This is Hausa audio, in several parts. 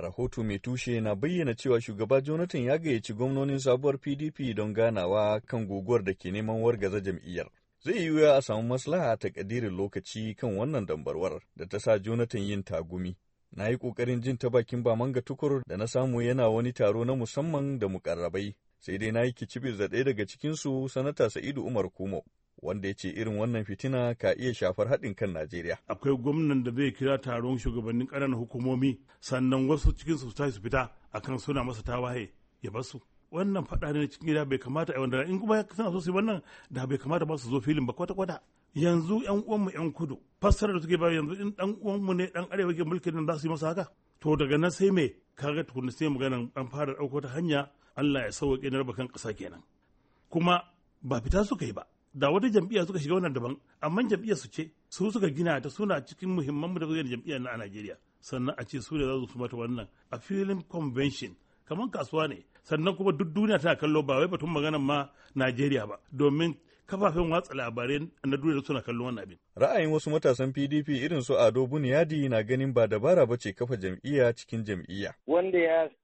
Rahoto mai tushe na bayyana cewa shugaba Jonathan ya gayyaci gwamnonin sabuwar PDP don ganawa kan guguwar da ke neman wargaza jam'iyyar. Zai yi wuya a samu maslaha ta kadirin lokaci kan wannan dambarwar da ta sa Jonathan yin tagumi. Na yi ƙoƙarin jin ta bakin manga Tukur da na samu yana wani taro na musamman da mukarrabai sai dai na yi kicibin da ɗaya daga cikinsu sanata sa'idu umar kumo wanda ya ce irin wannan fitina ka iya shafar haɗin kan Najeriya. Akwai gwamnan da zai kira taron shugabannin ƙananan hukumomi sannan wasu cikin su ta su fita akan suna masa tawaye ya basu. Wannan faɗa ne cikin gida bai kamata a wanda in kuma suna so su wannan da bai kamata ba su zo filin ba kwata-kwata. Yanzu 'yan uwanmu 'yan kudu fassarar da suke ba yanzu in ɗan uwanmu ne ɗan arewa ke mulkin nan za su yi masa haka. To daga nan sai me kaga tukunna sai maganan an fara ɗauko ta hanya Allah ya sauwaƙe na raba kan ƙasa kenan. Kuma ba fita suka yi ba da wata jam'iyya suka shiga wannan daban amma jam'iyyar su ce su suka gina ta suna cikin muhimman mu da jam'iyyar na a Najeriya sannan a ce su da za su mata wannan a filin convention kamar kasuwa ne sannan kuma duk duniya tana kallo ba wai batun maganar ma Najeriya ba domin kafafen watsa labarai na duniya suna kallon wannan abin. Ra'ayin wasu matasan PDP irin su Ado Buniyadi na ganin ba dabara ba ce kafa jam'iyya cikin jam'iyya. Wanda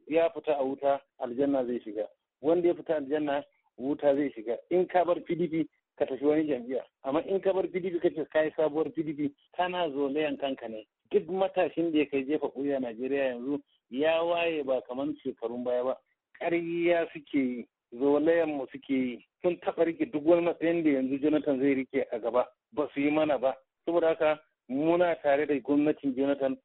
ya fita a wuta aljanna zai shiga. Wanda ya fita aljanna wuta zai shiga. In ka bar PDP ka tafi wani jam'iyyar amma in ka bar pdp ce ka yi sabuwar pdp kana zolayan kanka ne duk matashin da ya kai jefa kuriya najeriya yanzu ya waye ba kamar shekarun baya ba ƙarya suke yi zolayan mu suke yi sun taɓa rike duk wani matsayin da yanzu jonathan zai rike a gaba ba su yi mana ba saboda haka muna tare da gwamnatin jonathan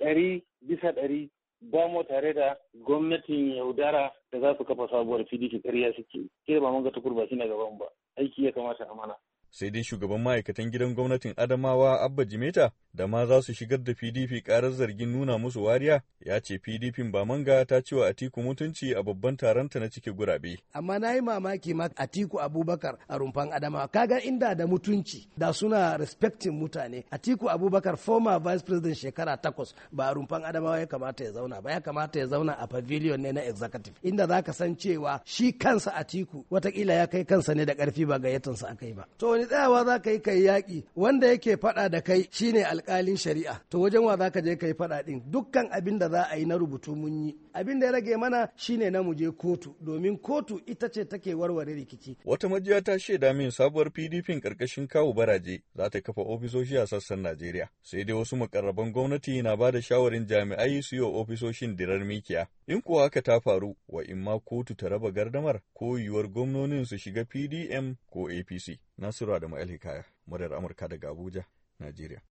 ɗari bisa ɗari ba mu tare da gwamnatin yaudara da za su kafa sabuwar pdp ƙarya suke yi ba mun ga tukur shi na gaban ba aiki ya kamata a Sai dai shugaban ma'aikatan gidan gwamnatin Adamawa Abba Jimeta da ma za su shigar da PDP karar zargin nuna musu wariya ya ce PDP ba manga ta cewa wa Atiku mutunci a babban taronta na cike gurabe. Amma na yi mamaki ma Atiku Abubakar a rumfan Adama kaga inda da mutunci da suna respecting mutane Atiku Abubakar former vice president shekara takwas ba a rumfan Adama ya kamata ya zauna ba ya kamata ya zauna a pavilion ne na executive inda za ka san cewa shi kansa Atiku watakila ya kai kansa ne da karfi ba gayyatansa akai ba. To wani tsayawa za ka yi kai yaƙi wanda yake faɗa da kai shine al alƙalin shari'a to wajen wa zaka je kai faɗa ɗin dukkan abin da za a yi na rubutu mun yi abin da ya rage mana shine na mu je kotu domin kotu ita ce take warware rikici wata majiya ta shaida min sabuwar PDP karkashin kawo baraje za ta kafa ofisoshi a sassan Najeriya sai dai wasu makarraban gwamnati na ba da shawarin jami'ai su yi ofisoshin dirar mikiya in kuwa haka ta faru wa in ma kotu ta raba gardamar ko yiwuwar gwamnonin su shiga PDM ko APC Nasiru da ma'alhikaya Hikaya muryar Amurka daga Abuja Najeriya